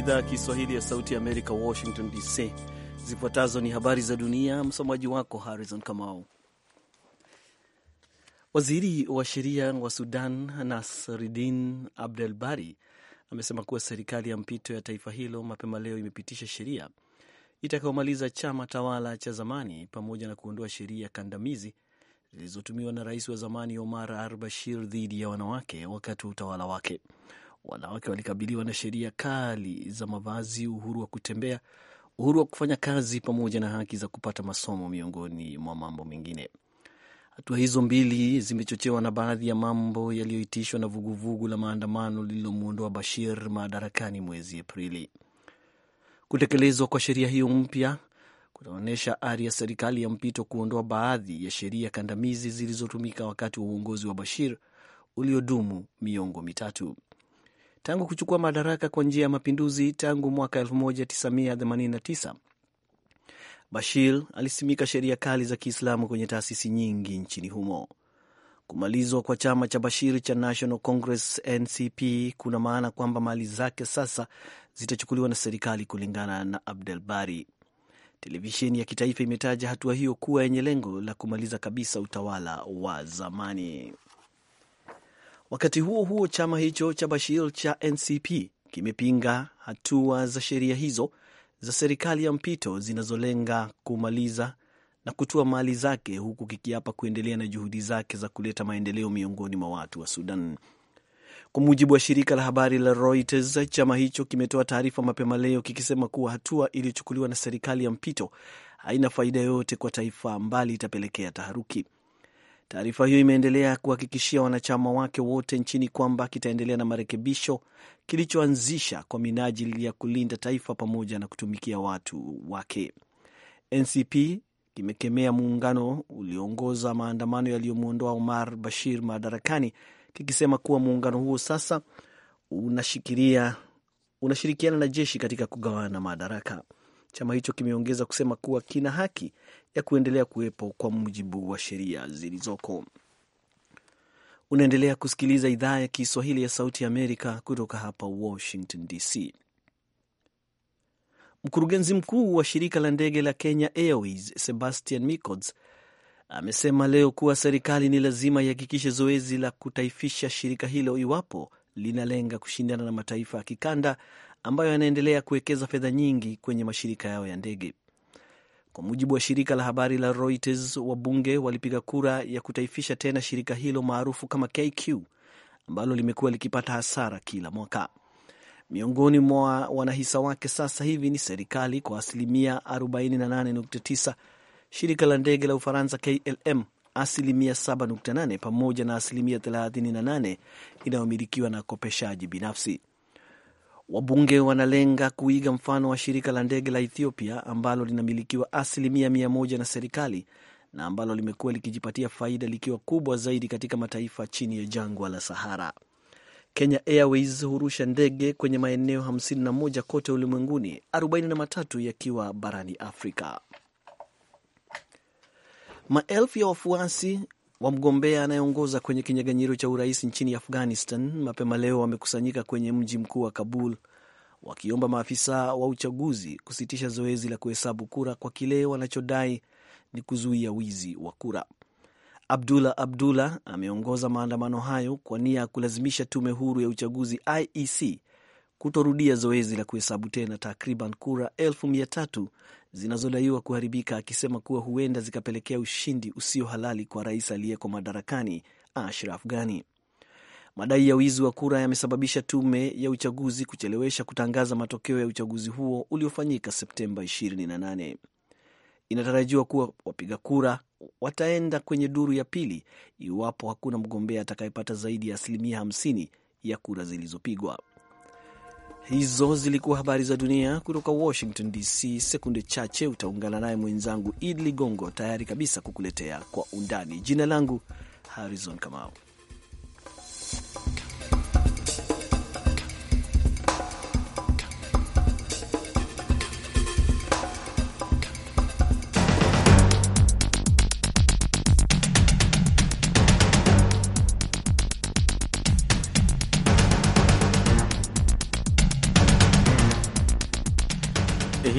idhaa ya Kiswahili ya Sauti ya Amerika, Washington DC. Zifuatazo ni habari za dunia, msomaji wako Harrison Kamau. Waziri wa sheria wa Sudan Nasridin Abdel Bari amesema kuwa serikali ya mpito ya taifa hilo mapema leo imepitisha sheria itakayomaliza chama tawala cha zamani pamoja na kuondoa sheria kandamizi zilizotumiwa na rais wa zamani Omar al Bashir dhidi ya wanawake wakati wa utawala wake wanawake walikabiliwa na sheria kali za mavazi, uhuru wa kutembea, uhuru wa kufanya kazi, pamoja na haki za kupata masomo, miongoni mwa mambo mengine. Hatua hizo mbili zimechochewa na baadhi ya mambo yaliyoitishwa na vuguvugu la maandamano lililomwondoa Bashir madarakani mwezi Aprili. Kutekelezwa kwa sheria hiyo mpya kunaonyesha ari ya serikali ya mpito kuondoa baadhi ya sheria kandamizi zilizotumika wakati wa uongozi wa Bashir uliodumu miongo mitatu tangu kuchukua madaraka kwa njia ya mapinduzi tangu mwaka 1989. Bashir alisimika sheria kali za Kiislamu kwenye taasisi nyingi nchini humo. Kumalizwa kwa chama cha Bashir cha National Congress NCP kuna maana kwamba mali zake sasa zitachukuliwa na serikali, kulingana na Abdel Bari. Televisheni ya kitaifa imetaja hatua hiyo kuwa yenye lengo la kumaliza kabisa utawala wa zamani. Wakati huo huo, chama hicho cha Bashir cha NCP kimepinga hatua za sheria hizo za serikali ya mpito zinazolenga kumaliza na kutua mali zake huku kikiapa kuendelea na juhudi zake za kuleta maendeleo miongoni mwa watu wa Sudan. Kwa mujibu wa shirika la habari la Reuters, chama hicho kimetoa taarifa mapema leo kikisema kuwa hatua iliyochukuliwa na serikali ya mpito haina faida yoyote kwa taifa, mbali itapelekea taharuki. Taarifa hiyo imeendelea kuhakikishia wanachama wake wote nchini kwamba kitaendelea na marekebisho kilichoanzisha kwa minajili ya kulinda taifa pamoja na kutumikia watu wake. NCP kimekemea muungano ulioongoza maandamano yaliyomwondoa Omar Bashir madarakani kikisema kuwa muungano huo sasa unashirikiana na jeshi katika kugawana madaraka. Chama hicho kimeongeza kusema kuwa kina haki ya kuendelea kuwepo kwa mujibu wa sheria zilizoko. Unaendelea kusikiliza idhaa ya Kiswahili ya Sauti ya Amerika kutoka hapa Washington DC. Mkurugenzi mkuu wa shirika la ndege la Kenya Airways Sebastian Micods amesema leo kuwa serikali ni lazima ihakikishe zoezi la kutaifisha shirika hilo iwapo linalenga kushindana na mataifa ya kikanda ambayo yanaendelea kuwekeza fedha nyingi kwenye mashirika yao ya ndege. Kwa mujibu wa shirika la habari la Reuters, wabunge walipiga kura ya kutaifisha tena shirika hilo maarufu kama KQ ambalo limekuwa likipata hasara kila mwaka. Miongoni mwa wanahisa wake sasa hivi ni serikali kwa asilimia 48.9, shirika la ndege la Ufaransa KLM asilimia 7.8 pamoja na asilimia 38 inayomilikiwa na kopeshaji binafsi. Wabunge wanalenga kuiga mfano wa shirika la ndege la Ethiopia ambalo linamilikiwa asilimia 1 na serikali na ambalo limekuwa likijipatia faida likiwa kubwa zaidi katika mataifa chini ya jangwa la Sahara. Kenya Airways hurusha ndege kwenye maeneo 51 kote ulimwenguni, 43 yakiwa barani Afrika. Maelfu ya wafuasi wa mgombea anayeongoza kwenye kinyaganyiro cha urais nchini Afghanistan mapema leo wamekusanyika kwenye mji mkuu wa Kabul wakiomba maafisa wa uchaguzi kusitisha zoezi la kuhesabu kura kwa kile wanachodai ni kuzuia wizi wa kura. Abdullah Abdullah ameongoza maandamano hayo kwa nia ya kulazimisha tume huru ya uchaguzi IEC kutorudia zoezi la kuhesabu tena takriban kura elfu mia tatu zinazodaiwa kuharibika, akisema kuwa huenda zikapelekea ushindi usio halali kwa rais aliyeko madarakani Ashraf Ghani. Madai ya wizi wa kura yamesababisha tume ya uchaguzi kuchelewesha kutangaza matokeo ya uchaguzi huo uliofanyika Septemba 28. Inatarajiwa kuwa wapiga kura wataenda kwenye duru ya pili iwapo hakuna mgombea atakayepata zaidi ya asilimia 50 ya kura zilizopigwa. Hizo zilikuwa habari za dunia kutoka Washington DC. Sekunde chache utaungana naye mwenzangu Idli Ligongo, tayari kabisa kukuletea kwa undani. Jina langu Harrison Kamau.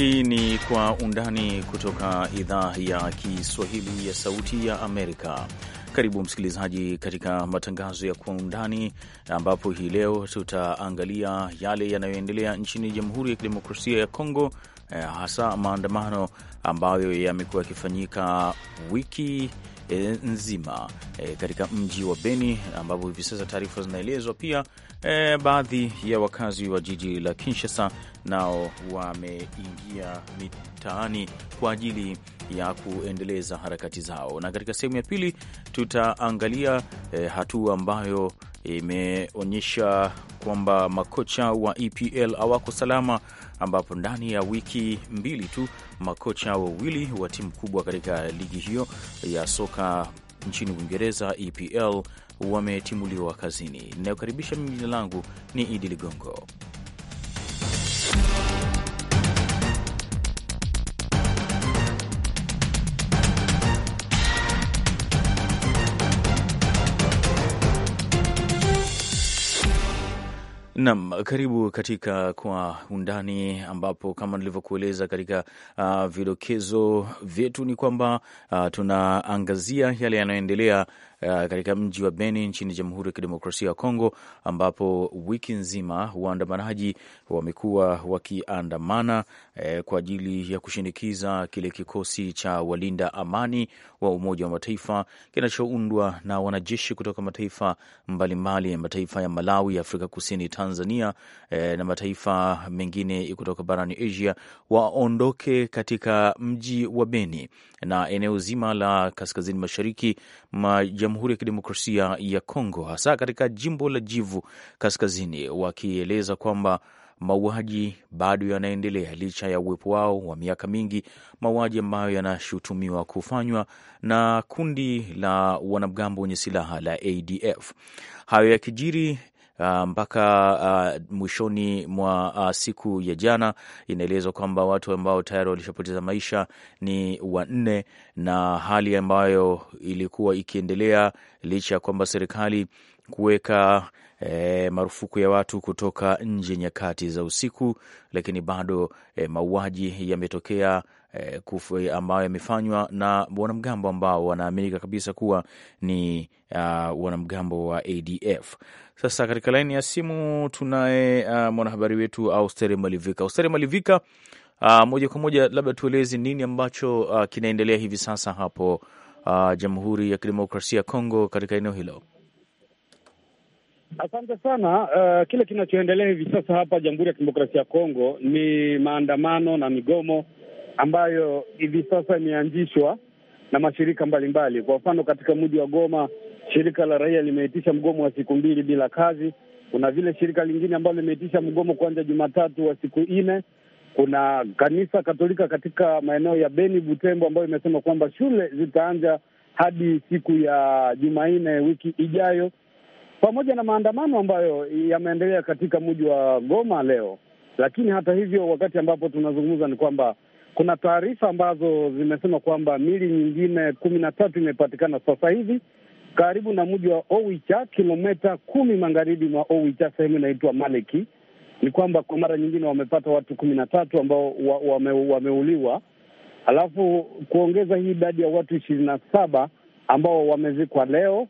Hii ni Kwa Undani kutoka idhaa ya Kiswahili ya Sauti ya Amerika. Karibu msikilizaji, katika matangazo ya Kwa Undani, ambapo hii leo tutaangalia yale yanayoendelea nchini Jamhuri ya Kidemokrasia ya Kongo, eh, hasa maandamano ambayo yamekuwa yakifanyika wiki e, nzima e, katika mji wa Beni ambapo hivi sasa taarifa zinaelezwa pia e, baadhi ya wakazi wa jiji la Kinshasa nao wameingia mitaani kwa ajili ya kuendeleza harakati zao, na katika sehemu ya pili tutaangalia e, hatua ambayo imeonyesha kwamba makocha wa EPL hawako salama ambapo ndani ya wiki mbili tu makocha wawili wa timu kubwa katika ligi hiyo ya soka nchini Uingereza, EPL, wametimuliwa kazini. Inayokaribisha mimi, jina langu ni Idi Ligongo. nam karibu katika Kwa Undani, ambapo kama nilivyokueleza katika uh, vidokezo vyetu ni kwamba uh, tunaangazia yale yanayoendelea Eh, katika mji wa Beni nchini Jamhuri ya Kidemokrasia ya Kongo, ambapo wiki nzima waandamanaji wamekuwa wakiandamana eh, kwa ajili ya kushinikiza kile kikosi cha walinda amani wa Umoja wa Mataifa kinachoundwa na wanajeshi kutoka mataifa mbalimbali, mataifa ya Malawi, Afrika Kusini, Tanzania eh, na mataifa mengine kutoka barani Asia waondoke katika mji wa Beni na eneo zima la kaskazini mashariki ma Jamhuri ya Kidemokrasia ya Kongo, hasa katika jimbo la Jivu Kaskazini, wakieleza kwamba mauaji bado yanaendelea licha ya uwepo wao wa miaka mingi, mauaji ambayo yanashutumiwa kufanywa na kundi la wanamgambo wenye silaha la ADF. Hayo yakijiri uh, mpaka uh, mwishoni mwa uh, siku ya jana inaelezwa kwamba watu ambao tayari walishapoteza maisha ni wanne, na hali ambayo ilikuwa ikiendelea licha ya kwamba serikali kuweka e, marufuku ya watu kutoka nje nyakati za usiku, lakini bado e, mauaji yametokea e, ambayo yamefanywa na wanamgambo ambao wanaaminika kabisa kuwa ni uh, wanamgambo wa ADF. Sasa katika laini ya simu tunaye uh, mwanahabari wetu Austeri Malivika. Austeri Malivika, uh, moja kwa moja, labda tueleze nini ambacho uh, kinaendelea hivi sasa hapo uh, Jamhuri ya Kidemokrasia ya Kongo katika eneo hilo. Asante sana. Uh, kile kinachoendelea hivi sasa hapa Jamhuri ya Kidemokrasia ya Kongo ni maandamano na migomo ambayo hivi sasa imeanzishwa na mashirika mbalimbali Kwa mfano katika mji wa Goma shirika la raia limeitisha mgomo wa siku mbili bila kazi. Kuna vile shirika lingine ambalo limeitisha mgomo kuanza Jumatatu wa siku nne. Kuna kanisa Katolika katika maeneo ya Beni, Butembo ambayo imesema kwamba shule zitaanza hadi siku ya Jumanne wiki ijayo pamoja na maandamano ambayo yameendelea katika mji wa Goma leo. Lakini hata hivyo, wakati ambapo tunazungumza ni kwamba kuna taarifa ambazo zimesema kwamba mili nyingine kumi na tatu imepatikana sasa hivi karibu na mji wa Owicha, kilometa kumi magharibi mwa Owicha, sehemu inaitwa Maleki. Ni kwamba kwa mara nyingine wamepata watu kumi na tatu ambao wame, wameuliwa, alafu kuongeza hii idadi ya watu ishirini na saba ambao wamezikwa leo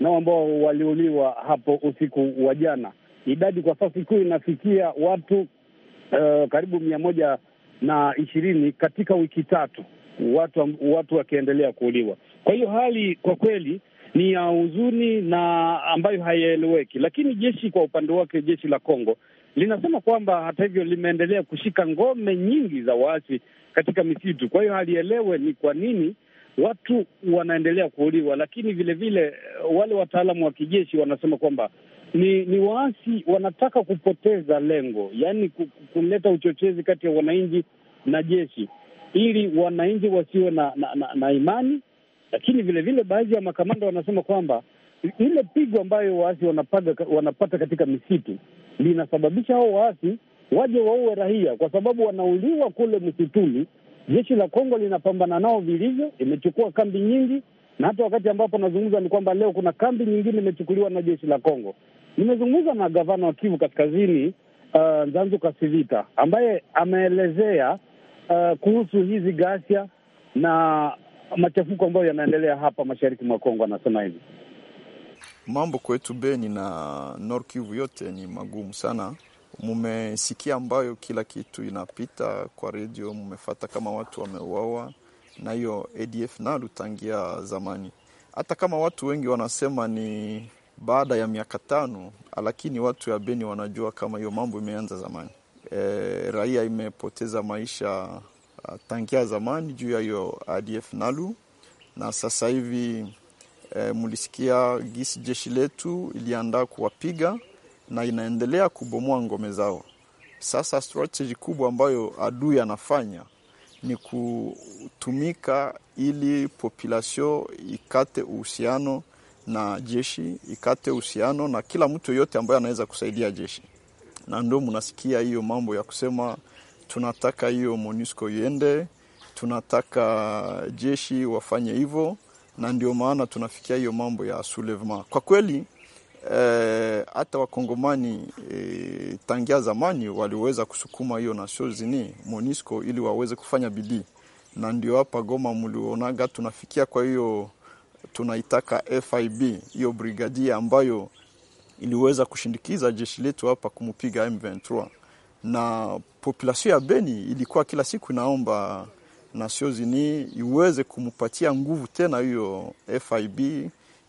nao ambao waliuliwa hapo usiku wa jana. Idadi kwa sasa kuu inafikia watu uh, karibu mia moja na ishirini katika wiki tatu, watu watu wakiendelea kuuliwa. Kwa hiyo hali kwa kweli ni ya huzuni na ambayo haieleweki, lakini jeshi kwa upande wake, jeshi la Kongo linasema kwamba hata hivyo limeendelea kushika ngome nyingi za waasi katika misitu. Kwa hiyo halielewe ni kwa nini watu wanaendelea kuuliwa, lakini vilevile vile, eh, wale wataalamu wa kijeshi wanasema kwamba ni ni waasi wanataka kupoteza lengo, yaani kuleta uchochezi kati ya wananchi na jeshi ili wananchi wasiwe na, na, na, na imani. Lakini vilevile baadhi ya makamanda wanasema kwamba ile pigo ambayo waasi wanapaga, wanapata katika misitu linasababisha hao waasi waje waue raia, kwa sababu wanauliwa kule msituni Jeshi la Kongo linapambana nao vilivyo, imechukua kambi nyingi, na hata wakati ambapo nazungumza ni kwamba leo kuna kambi nyingine imechukuliwa na jeshi la Kongo. Nimezungumza na gavana wa Kivu Kaskazini, uh, Kasivita ambaye ameelezea uh, kuhusu hizi ghasia na machafuko ambayo yanaendelea hapa mashariki mwa Kongo. Anasema hivi mambo kwetu Beni na Nord Kivu yote ni magumu sana mumesikia ambayo kila kitu inapita kwa redio, mumefata kama watu wameuawa, na hiyo ADF nalu tangia zamani, hata kama watu wengi wanasema ni baada ya miaka tano, lakini watu ya Beni wanajua kama hiyo mambo imeanza zamani. E, raia imepoteza maisha tangia zamani juu ya hiyo ADF nalu, na sasa hivi e, mulisikia gisi jeshi letu iliandaa kuwapiga na inaendelea kubomoa ngome zao. Sasa strateji kubwa ambayo adui anafanya ni kutumika ili population ikate uhusiano na jeshi, ikate uhusiano na kila mtu yoyote ambaye anaweza kusaidia jeshi, na ndio mnasikia hiyo mambo ya kusema tunataka hiyo MONUSCO iende, tunataka jeshi wafanye hivyo, na ndio maana tunafikia hiyo mambo ya soulevement. Kwa kweli Eh, hata wakongomani e, tangia zamani waliweza kusukuma hiyo Nations Unies ili waweze kufanya bidii, na ndio hapa Goma mlionaga tunafikia. Kwa hiyo tunaitaka FIB hiyo brigadia ambayo iliweza kushindikiza jeshi letu hapa kumpiga M23, na populasio ya Beni ilikuwa kila siku inaomba Nations iweze kumpatia nguvu tena hiyo FIB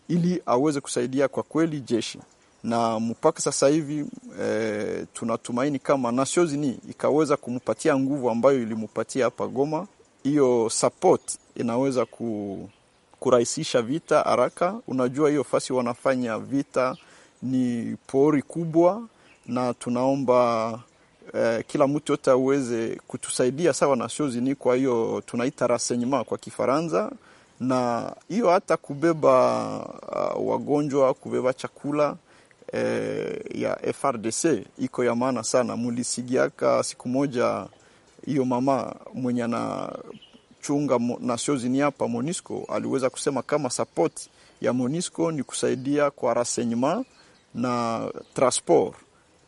ili aweze kusaidia kwa kweli jeshi na mpaka sasa hivi e, tunatumaini kama nasiozi ni ikaweza kumpatia nguvu ambayo ilimpatia hapa Goma. Hiyo support inaweza ku, kurahisisha vita haraka. Unajua hiyo fasi wanafanya vita ni pori kubwa, na tunaomba e, kila mtu yote aweze kutusaidia sawa nasiozi ni. Kwa hiyo tunaita rasenyema kwa Kifaransa na hiyo hata kubeba uh, wagonjwa kubeba chakula eh, ya FRDC iko ya maana sana. Mulisigiaka siku moja hiyo mama mwenye anachunga Nations Unies hapa Monisco aliweza kusema kama support ya Monisco ni kusaidia kwa renseignement na transport,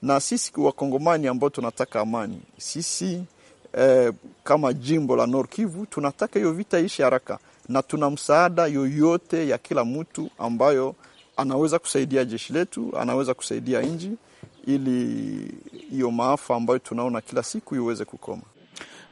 na sisi Wakongomani ambao tunataka amani sisi eh, kama jimbo la Nord Kivu tunataka hiyo vita ishi haraka na tuna msaada yoyote ya kila mtu ambayo anaweza kusaidia jeshi letu, anaweza kusaidia nchi, ili hiyo maafa ambayo tunaona kila siku iweze kukoma.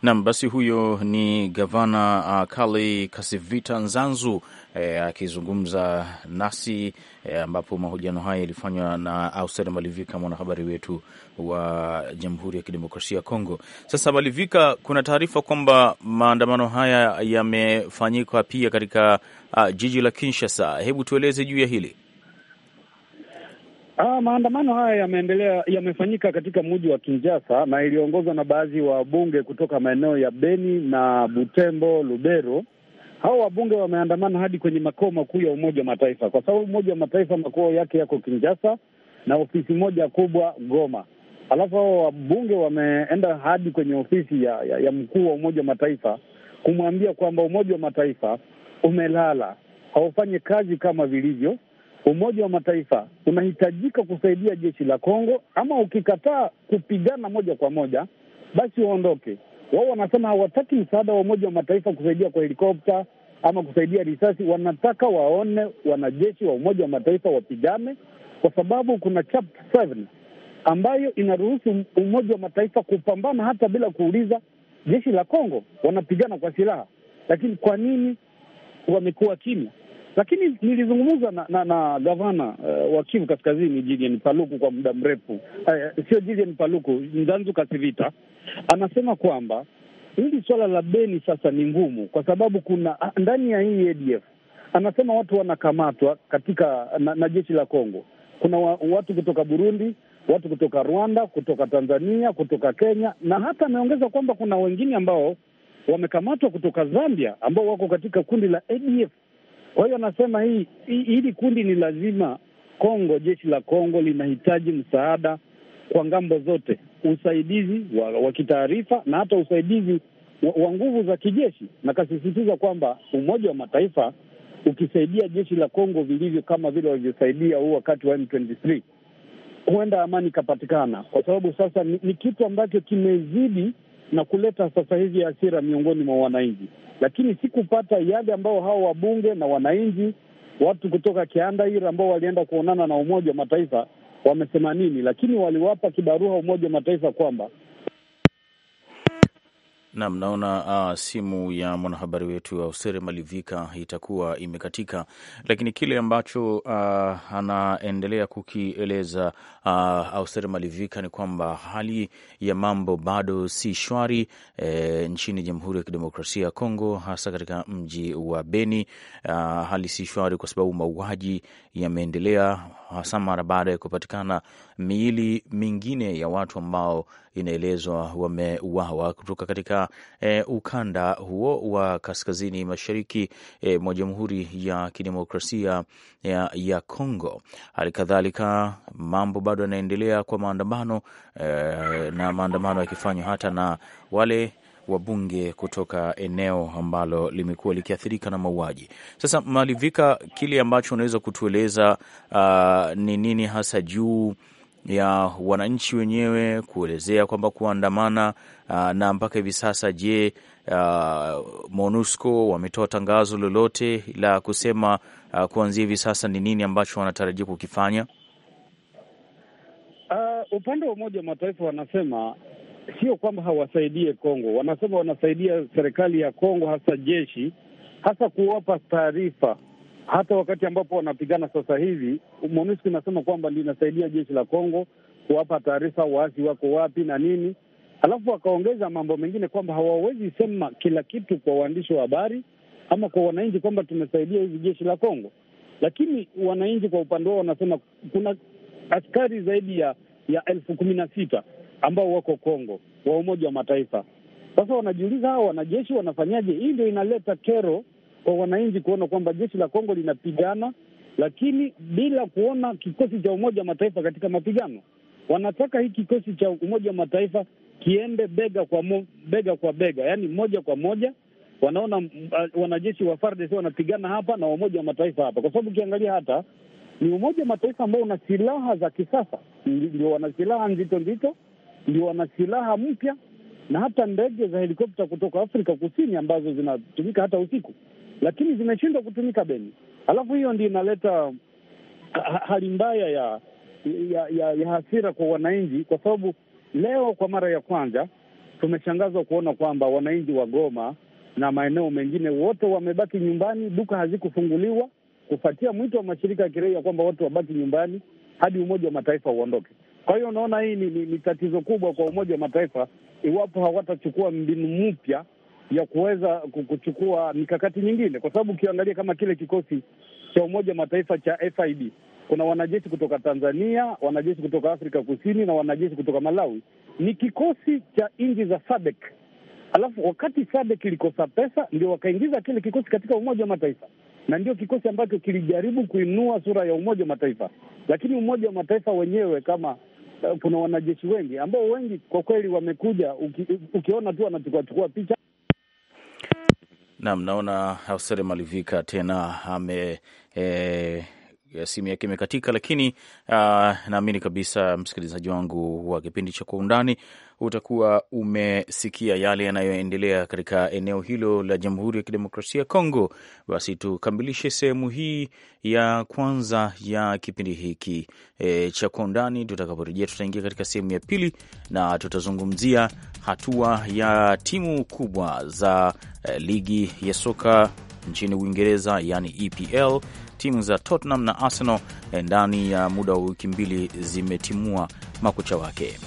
Nam, basi huyo ni gavana uh, Kale Kasivita Nzanzu e, akizungumza nasi e, ambapo mahojiano haya yalifanywa na Auster Malivika, mwanahabari wetu wa Jamhuri ya Kidemokrasia ya Kongo. Sasa Malivika, kuna taarifa kwamba maandamano haya yamefanyika pia katika jiji la Kinshasa. Hebu tueleze juu ya hili. Ah, maandamano haya yameendelea yamefanyika katika mji wa Kinshasa na iliongozwa na baadhi wa wabunge kutoka maeneo ya Beni na Butembo, Lubero hao wabunge wameandamana hadi kwenye makao makuu ya Umoja wa Mataifa, kwa sababu Umoja wa Mataifa makao yake yako Kinshasa na ofisi moja kubwa Goma. Alafu hao wabunge wameenda hadi kwenye ofisi ya, ya, ya mkuu wa Umoja wa Mataifa kumwambia kwamba Umoja wa Mataifa umelala, haufanyi kazi kama vilivyo. Umoja wa Mataifa unahitajika kusaidia jeshi la Kongo, ama ukikataa kupigana moja kwa moja basi uondoke. Wao wanasema hawataki msaada wa Umoja wa Mataifa kusaidia kwa helikopta, ama kusaidia risasi, wanataka waone wanajeshi wa Umoja wa Mataifa wapigane, kwa sababu kuna chapter seven ambayo inaruhusu Umoja wa Mataifa kupambana hata bila kuuliza jeshi la Kongo, wanapigana kwa silaha. Lakini kwa nini wamekuwa kimya? Lakini nilizungumza na, na, na gavana uh, wa Kivu Kaskazini Julien Paluku kwa muda mrefu uh, sio Julien Paluku, Nzanzu Kasivita anasema kwamba hili swala la beni sasa ni ngumu, kwa sababu kuna ah, ndani ya hii ADF anasema watu wanakamatwa katika na, na jeshi la Kongo. Kuna wa, watu kutoka Burundi, watu kutoka Rwanda, kutoka Tanzania, kutoka Kenya, na hata ameongeza kwamba kuna wengine ambao wamekamatwa kutoka Zambia ambao wako katika kundi la ADF. Kwa hiyo anasema hii hili kundi ni lazima Kongo, jeshi la Kongo linahitaji msaada kwa ngambo zote, usaidizi wa, wa kitaarifa na hata usaidizi wa nguvu za kijeshi. Nakasisitiza kwamba Umoja wa Mataifa ukisaidia jeshi la Kongo vilivyo kama vile walivyosaidia huu wakati wa M23 huenda amani ikapatikana, kwa sababu sasa ni, ni kitu ambacho kimezidi na kuleta sasa hivi hasira miongoni mwa wananchi, lakini si kupata yale ambao hao wabunge na wananchi, watu kutoka Kiandaira ambao walienda kuonana na Umoja wa Mataifa wamesema nini, lakini waliwapa kibarua Umoja wa Mataifa kwamba Nam, naona uh, simu ya mwanahabari wetu Ausere Malivika itakuwa imekatika, lakini kile ambacho uh, anaendelea kukieleza uh, Ausere Malivika ni kwamba hali ya mambo bado si shwari eh, nchini Jamhuri ya Kidemokrasia ya Kongo, hasa katika mji wa Beni. Uh, hali si shwari kwa sababu mauaji yameendelea hasa mara baada ya kupatikana miili mingine ya watu ambao inaelezwa wameuawa kutoka katika e, ukanda huo wa kaskazini mashariki e, mwa Jamhuri ya Kidemokrasia ya, ya Kongo. Hali kadhalika mambo bado yanaendelea kwa maandamano e, na maandamano yakifanywa hata na wale wabunge kutoka eneo ambalo limekuwa likiathirika na mauaji. Sasa Malivika, kile ambacho unaweza kutueleza uh, ni uh, nini hasa juu ya wananchi wenyewe kuelezea kwamba kuandamana uh, na mpaka hivi sasa. Je, uh, MONUSCO wametoa tangazo lolote la kusema uh, kuanzia hivi sasa ni nini ambacho wanatarajia kukifanya? Uh, upande wa Umoja wa Mataifa wanasema sio kwamba hawasaidie Kongo, wanasema wanasaidia serikali ya Kongo, hasa jeshi, hasa kuwapa taarifa. Hata wakati ambapo wanapigana sasa hivi, MONUSCO inasema kwamba linasaidia jeshi la Kongo kuwapa taarifa waasi wako wapi na nini. Alafu wakaongeza mambo mengine kwamba hawawezi sema kila kitu kwa waandishi wa habari ama kwa wananchi kwamba tumesaidia hivi jeshi la Kongo, lakini wananchi kwa upande wao wanasema kuna askari zaidi ya ya elfu kumi na sita ambao wako Kongo wa Umoja wa Mataifa. Sasa wanajiuliza hawa wanajeshi wanafanyaje? Hii ndio inaleta kero kwa wananchi kuona kwamba jeshi la Kongo linapigana, lakini bila kuona kikosi cha Umoja wa Mataifa katika mapigano. Wanataka hii kikosi cha Umoja wa Mataifa kiende bega kwa mo, bega kwa bega, yaani moja kwa moja. Wanaona uh, wanajeshi wa FARDC wanapigana hapa na Umoja wa Mataifa hapa, kwa sababu ukiangalia hata ni Umoja wa Mataifa ambao una silaha za kisasa, ndio wana silaha nzito nzito ndio wana silaha mpya na hata ndege za helikopta kutoka Afrika Kusini ambazo zinatumika hata usiku, lakini zimeshindwa kutumika Beni. Alafu hiyo ndio inaleta hali mbaya ya ya, ya ya hasira kwa wananchi, kwa sababu leo kwa mara ya kwanza tumeshangazwa kuona kwamba wananchi wa Goma na maeneo mengine wote wamebaki nyumbani, duka hazikufunguliwa kufuatia mwito wa mashirika ya kiraia kwamba watu wabaki nyumbani hadi Umoja wa Mataifa uondoke. Kwa hiyo unaona hii ni, ni, ni tatizo kubwa kwa Umoja wa Mataifa iwapo hawatachukua mbinu mpya ya kuweza kuchukua mikakati nyingine, kwa sababu ukiangalia kama kile kikosi cha Umoja wa Mataifa cha FIB kuna wanajeshi kutoka Tanzania, wanajeshi kutoka Afrika Kusini na wanajeshi kutoka Malawi. Ni kikosi cha nchi za SADC. Alafu wakati SADC ilikosa pesa, ndio wakaingiza kile kikosi katika Umoja wa Mataifa, na ndio kikosi ambacho kilijaribu kuinua sura ya Umoja wa Mataifa, lakini Umoja wa Mataifa wenyewe kama Eh, kuna wanajeshi wengi ambao wengi kwa kweli wamekuja, uki, ukiona tu wanachukuachukua picha. Naam, naona Ausere Malivika tena ame eh, simu yake imekatika, lakini uh, naamini kabisa msikilizaji wangu wa kipindi cha Kwa Undani utakuwa umesikia yale yanayoendelea katika eneo hilo la Jamhuri ya Kidemokrasia ya Kongo. Basi tukamilishe sehemu hii ya kwanza ya kipindi hiki e, cha Kwa Undani. Tutakaporejea tutaingia katika sehemu ya pili na tutazungumzia hatua ya timu kubwa za e, ligi ya soka nchini Uingereza, yani EPL timu za Tottenham na Arsenal eh, ndani ya muda wa wiki mbili zimetimua makocha wake.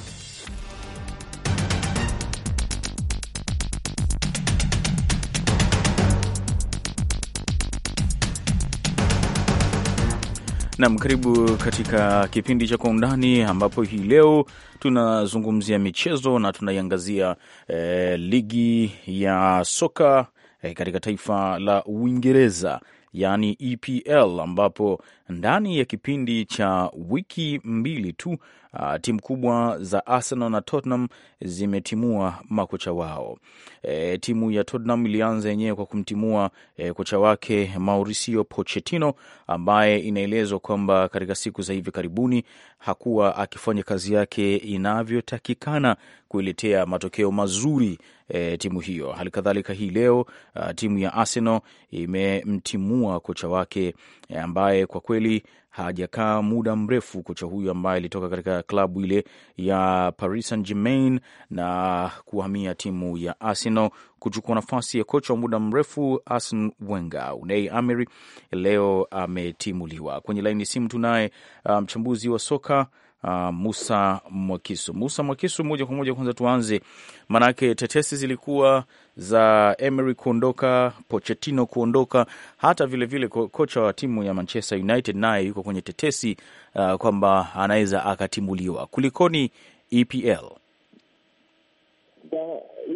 Nam, karibu katika kipindi cha Kwa Undani, ambapo hii leo tunazungumzia michezo na tunaiangazia eh, ligi ya soka eh, katika taifa la Uingereza yani EPL, ambapo ndani ya kipindi cha wiki mbili tu ah, timu kubwa za Arsenal na Tottenham zimetimua makocha wao. E, timu ya Tottenham ilianza yenyewe kwa kumtimua e, kocha wake Mauricio Pochettino ambaye inaelezwa kwamba katika siku za hivi karibuni hakuwa akifanya kazi yake inavyotakikana kuiletea matokeo mazuri e, timu hiyo. Halikadhalika hii leo a, ah, timu ya Arsenal imemtimua kumuua kocha wake eh, ambaye kwa kweli hajakaa muda mrefu. Kocha huyu ambaye alitoka katika klabu ile ya Paris Saint Germain na kuhamia timu ya Arsenal kuchukua nafasi ya kocha wa muda mrefu Arsene Wenger, Unai Emery leo ametimuliwa. Kwenye laini simu tunaye eh, mchambuzi um, wa soka uh, Musa Mwakisu. Musa Mwakisu, moja kwa moja, kwanza tuanze, maanake tetesi zilikuwa za Emery kuondoka, Pochettino kuondoka, hata vilevile vile kocha wa timu ya Manchester United naye yuko kwenye tetesi uh, kwamba anaweza akatimuliwa. Kulikoni EPL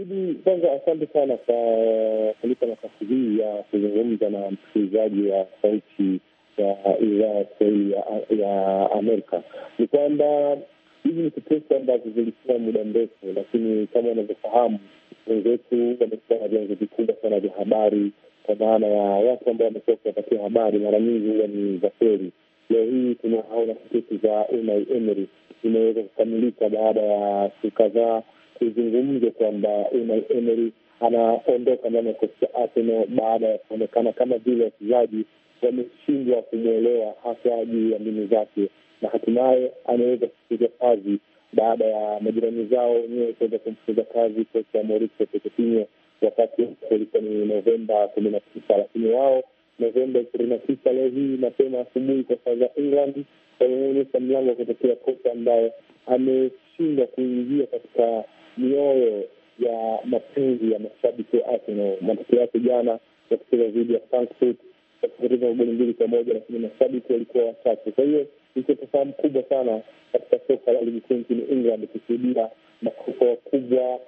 Idi, kwanza asante sana kwa eh, kunipa nafasi hii ya kuzungumza na msikilizaji wa Sauti ya idhaa ya Kiswahili ya Amerika ni kwamba hizi ni tetesi ambazo zilikuwa muda mrefu, lakini kama unavyofahamu wenzetu wamekuwa na vyanzo vikubwa sana vya habari, kwa maana ya watu ambao wamekuwa kuwapatia habari mara nyingi huwa ni za kweli. Leo hii tunaona tetesi za Unai Emery imeweza kukamilika baada ya siku kadhaa kuzungumzwa kwamba Unai Emery anaondoka ndani ya kikosi cha Arsenal baada ya kuonekana kama vile wachezaji wameshindwa kumwelewa hasa juu ya mbinu zake, na hatimaye ameweza kufuza kazi baada ya majirani zao wenyewe kuweza kumfuza kazi kocha Mauricio Pochettino wakati ulikuwa ni Novemba kumi na tisa, lakini wao Novemba ishirini na tisa leo hii mapema asubuhi kwa saa za England wameonyesha mlango wa kutokea kocha ambaye ameshindwa kuingia katika mioyo ya mapenzi ya mashabiki wa Arsenal. Matokeo yake jana ya kucheza dhidi ya Frankfurt kwa kupoteza magoli mbili kwa moja, lakini mashabiki walikuwa wachache. Kwa hiyo ilikuwa tofauti kubwa sana katika soka la ligi kuu nchini England, kushuhudia makosa wakubwa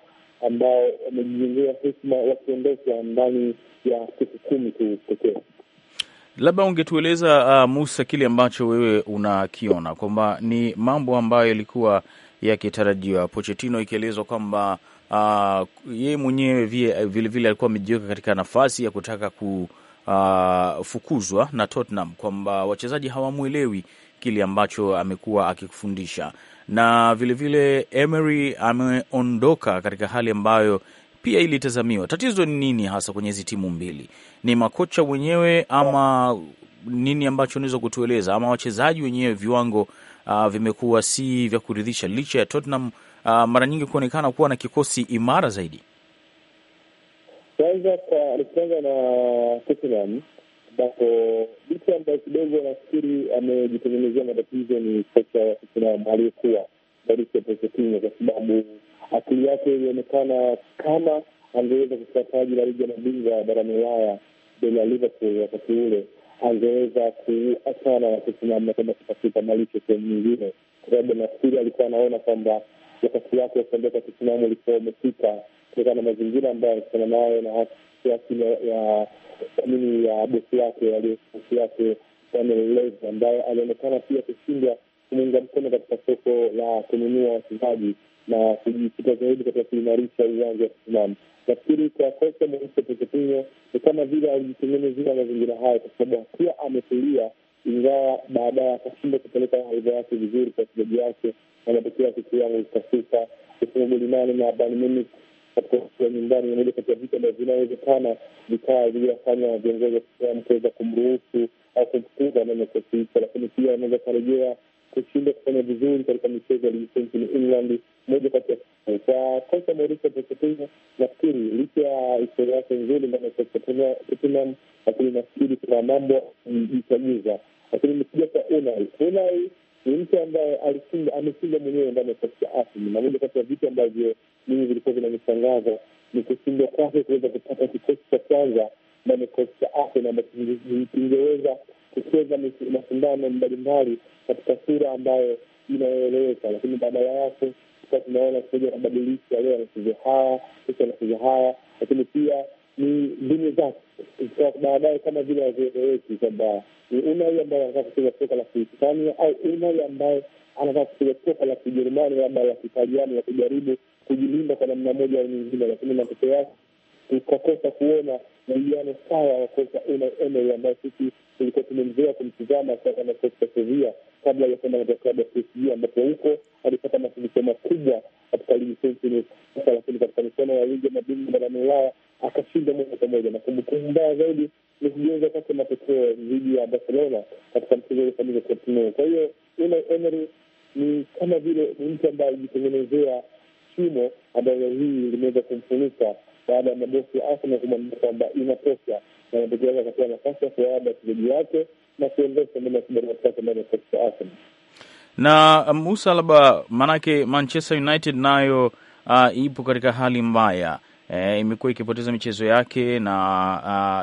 ambao wamejijengea heshima wakiondoka ndani ya siku kumi tu pekee. Labda ungetueleza uh, Musa, kile ambacho wewe unakiona kwamba ni mambo ambayo yalikuwa yakitarajiwa, Pochettino ikielezwa kwamba uh, yeye mwenyewe vilevile alikuwa amejiweka katika nafasi ya kutaka ku uh, fukuzwa na Tottenham kwamba wachezaji hawamwelewi kile ambacho amekuwa akifundisha, na vilevile Emery ameondoka katika hali ambayo pia ilitazamiwa. Tatizo ni nini hasa kwenye hizi timu mbili? Ni makocha wenyewe ama nini ambacho unaweza kutueleza, ama wachezaji wenyewe viwango uh, vimekuwa si vya kuridhisha, licha ya Tottenham uh, mara nyingi kuonekana kuwa na kikosi imara zaidi. Kwanza kwa alikuanza na Tottenham ambapo mtu ambayo kidogo nafikiri amejitengenezea matatizo ni kocha wa Tottenham aliyekuwa Mauricio Pochettino, kwa sababu akili yake ilionekana kama angeweza kuchukua taji la ligi ya mabingwa barani Ulaya mbele ya Liverpool wakati ule, angeweza kuachana na Tottenham na kwenda kutafuta malisho sehemu nyingine, kwa sababu nafikiri alikuwa anaona kwamba wakati wake wa kuondoka Tottenham ulikuwa umefika kutokana na mazingira ambayo anakutana nayo na kiasi ya amini ya bosi yake aliyebosi yake Levi ambaye alionekana pia kushindwa kumuunga mkono katika soko la kununua wachezaji na kujikita zaidi katika kuimarisha uwanja wa Tottenham. Nafikiri kwa kocha Mauricio Pochettino ni kama vile alijitengenezea mazingira hayo, kwa sababu akiwa ametulia, ingawa baadaye akashindwa kupeleka mawaidha yake vizuri kwa wachezaji wake na matokeo yake kiwango kikashuka, kufunga goli nane na Bayern Munich katika ya nyumbani ni moja kati ya vitu ambavyo vinawezekana vikawa viliyofanya viongozi wa Kiislamu kuweza kumruhusu au kumfukuza ndani ya, lakini pia anaweza akarejea kushindwa kufanya vizuri katika michezo ya yaliyochezwa nchini England, moja kati ya kwa kocha Mauricio Pochettino. Nafikiri licha ya historia yake nzuri ndani ya Tottenham, lakini nafikiri kuna mambo mtajiza, lakini nikija kwa Unai, Unai ni mtu ambaye ameshinda mwenyewe ndani ya Arsenal, na moja kati ya vitu ambavyo mimi vilikuwa vinanishangaza ni kushindwa kwake kuweza kupata kikosi cha kwanza na kikosi cha Arsenal ambacho kingeweza kucheza mashindano mbalimbali katika sura ambayo inayoeleweka, lakini badala yake tukawa tunaona kuja anabadilisha, leo anacheza haya, kesho anacheza haya, lakini pia ni mbinu zake baadaye, kama vile hazieleweki kwamba ni Unai ambaye anataka kucheza soka la Kihispania au Unai ambaye anataka kucheza soka la Kijerumani labda la Kitaliani, la kujaribu kujilinda kwa namna moja au nyingine, lakini matokeo yake tukakosa kuona uwiano sawa wa kocha Unai Emery ambayo sisi tulikuwa tumemzoea kumtizama katika Sevilla kabla ya kwenda katika klabu ya PSG ambapo huko alipata mafanikio makubwa katika ligi sasa, lakini katika michuano ya ligi ya mabingwa barani Ulaya akashinda moja kwa moja, na kumbukumbu mbaya zaidi ni kugeuza kwake matokeo dhidi ya Barcelona katika mchezo uliofanyika Camp Nou. Kwa hiyo Unai Emery ni kama vile ni mtu ambaye alijitengenezea shimo ambayo hii limeweza kumfunika baada ya mabosi ya Arsenal kumwambia kwamba inatosha, na matokeo yake akapewa nafasi ya kuwaada wachezaji wake na kuendesha mbele ya kibarua chake ndani ya kikosi cha Arsenal. Na um, Musa, labda maanake Manchester United nayo uh, ipo katika hali mbaya e, imekuwa ikipoteza michezo yake na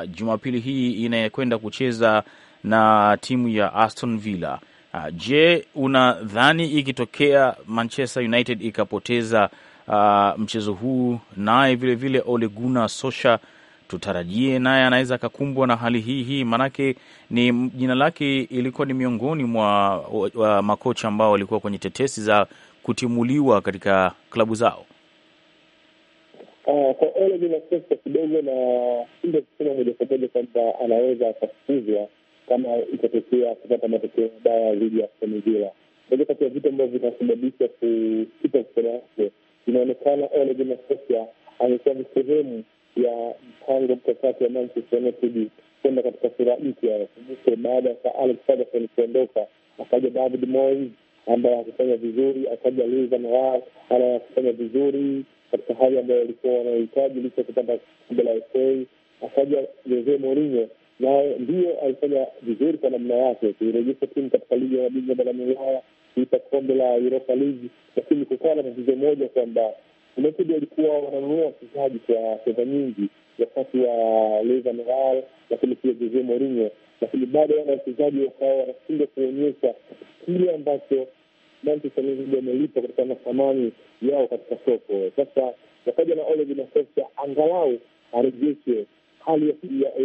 uh, Jumapili hii inakwenda kucheza na timu ya Aston Villa. Uh, je, unadhani ikitokea Manchester United ikapoteza uh, mchezo huu naye vilevile Ole Gunnar Solskjaer tutarajie naye anaweza akakumbwa na hali hii hii, maanake ni jina lake ilikuwa ni miongoni mwa wa, wa, makocha ambao walikuwa kwenye tetesi za kutimuliwa katika klabu zao. Eh, kwa Ole Gunnar Solskjaer kidogo na kusema moja kwa moja kwamba anaweza akafukuzwa kama itatokea kupata matokeo mabaya dhidi ya Venezuela. Moja kati ya vitu ambavyo vinasababisha kusita kusema yake, inaonekana Ole Gunnar Solskjaer amekuwa ni sehemu ya mpango mkakati wa Manchester United kwenda katika sura mpya. Kumbuke baada ya Alex Ferguson kuondoka, akaja David Moyes ambaye hakufanya vizuri, akaja Louis van Gaal ambaye hakufanya vizuri katika hali ambayo walikuwa wanahitaji licha kupata kombe la FA, akaja Jose Mourinho na ndiyo alifanya vizuri kwa namna yake kuirejesha timu katika ligi ya mabingwa barani Ulaya, kuita kombe la Europa League, lakini kukawa na tatizo moja kwamba United walikuwa wananunua wachezaji kwa fedha nyingi wakati wa Leva Meral, lakini pia Jose Mourinho, lakini bado wana wachezaji wakawa wanashindwa kuonyesha kile ambacho Manchester United wamelipa kutokana na thamani yao katika soko. Sasa wakaja na Ole Gunnar Solskjaer angalau arejeshe hali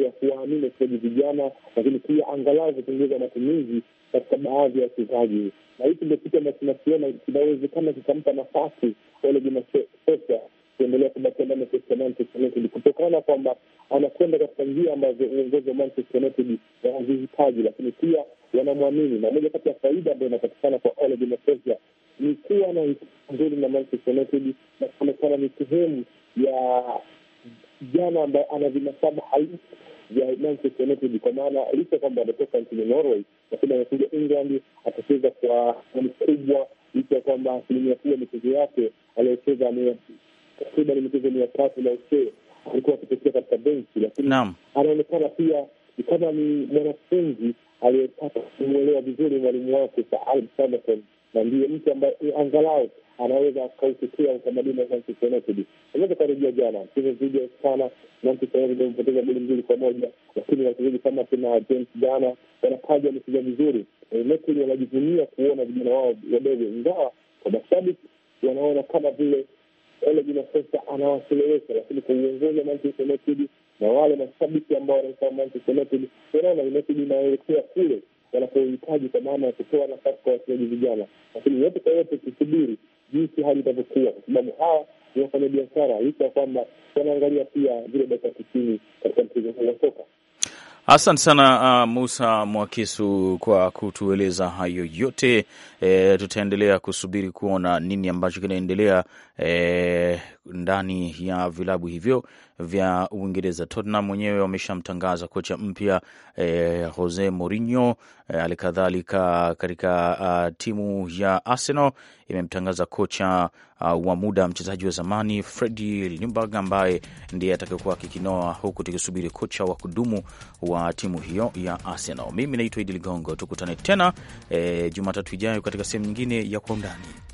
ya kuwaamini wachezaji vijana, lakini pia angalau kupunguza matumizi katika baadhi ya wachezaji, na hiki ndio kitu ambacho tunakiona kinawezekana kikampa nafasi Ole Gunnar Solskjaer kuendelea kubakia ndani ya kikosi cha Manchester United kutokana kwamba anakwenda katika njia ambazo uongozi wa Manchester United wanazihitaji, lakini pia wanamwamini. Na moja kati ya faida ambayo inapatikana kwa Ole Gunnar Solskjaer ni kuwa na nzuri na Manchester United na kuonekana ni sehemu ya jana ambaye ana vinasaba halisi vya Manchester United, kwa maana licha kwamba ametoka nchini Norway, lakini amekuja England atacheza kwa mkubwa, licha ya kwamba asilimia kubwa michezo yake aliyocheza takriban michezo mia tatu na uche alikuwa akitokea katika benchi, lakini anaonekana pia kama ni mwanafunzi aliyepata kumwelewa vizuri mwalimu wake Sir Alex Ferguson, na ndiye mtu ambaye angalau anaweza akautikia utamaduni wa Manchester United. Unaweza jana mchezo dhidi Manchester United goli mbili kwa moja, lakini wachezaji kama kina James Garner wanakaja wamecheza vizuri. United eh, wanajivunia kuona vijana wao wadogo, ingawa kwa mashabiki wanaona kama vile Ole Gunnar Solskjaer anawachelewesha, lakini kwa uongozi wa Manchester United na wale mashabiki ambao wanaifaa Manchester United wanaona United inaelekea kule wanapohitaji, kwa maana ya kutoa nafasi kwa wachezaji vijana, lakini yote kwa yote kusubiri jinsi hali inavyokuwa, kwa sababu hawa ni wafanyabiashara, licha ya kwamba wanaangalia pia vile dakika tisini katika mchezo huu wa soka. Asante sana uh, Musa Mwakisu kwa kutueleza hayo yote. E, tutaendelea kusubiri kuona nini ambacho kinaendelea e, ndani ya vilabu hivyo vya Uingereza. Tottenham wenyewe wameshamtangaza kocha mpya e, Jose Mourinho. E, alikadhalika katika a, timu ya Arsenal imemtangaza kocha wa muda mchezaji wa zamani Freddy Ljungberg ambaye ndiye atakayekuwa akikinoa, huku tukisubiri kocha wa kudumu wa timu hiyo ya Arsenal. Mimi naitwa Idi Ligongo, tukutane tena e, Jumatatu ijayo katika sehemu nyingine ya Kwa Undani.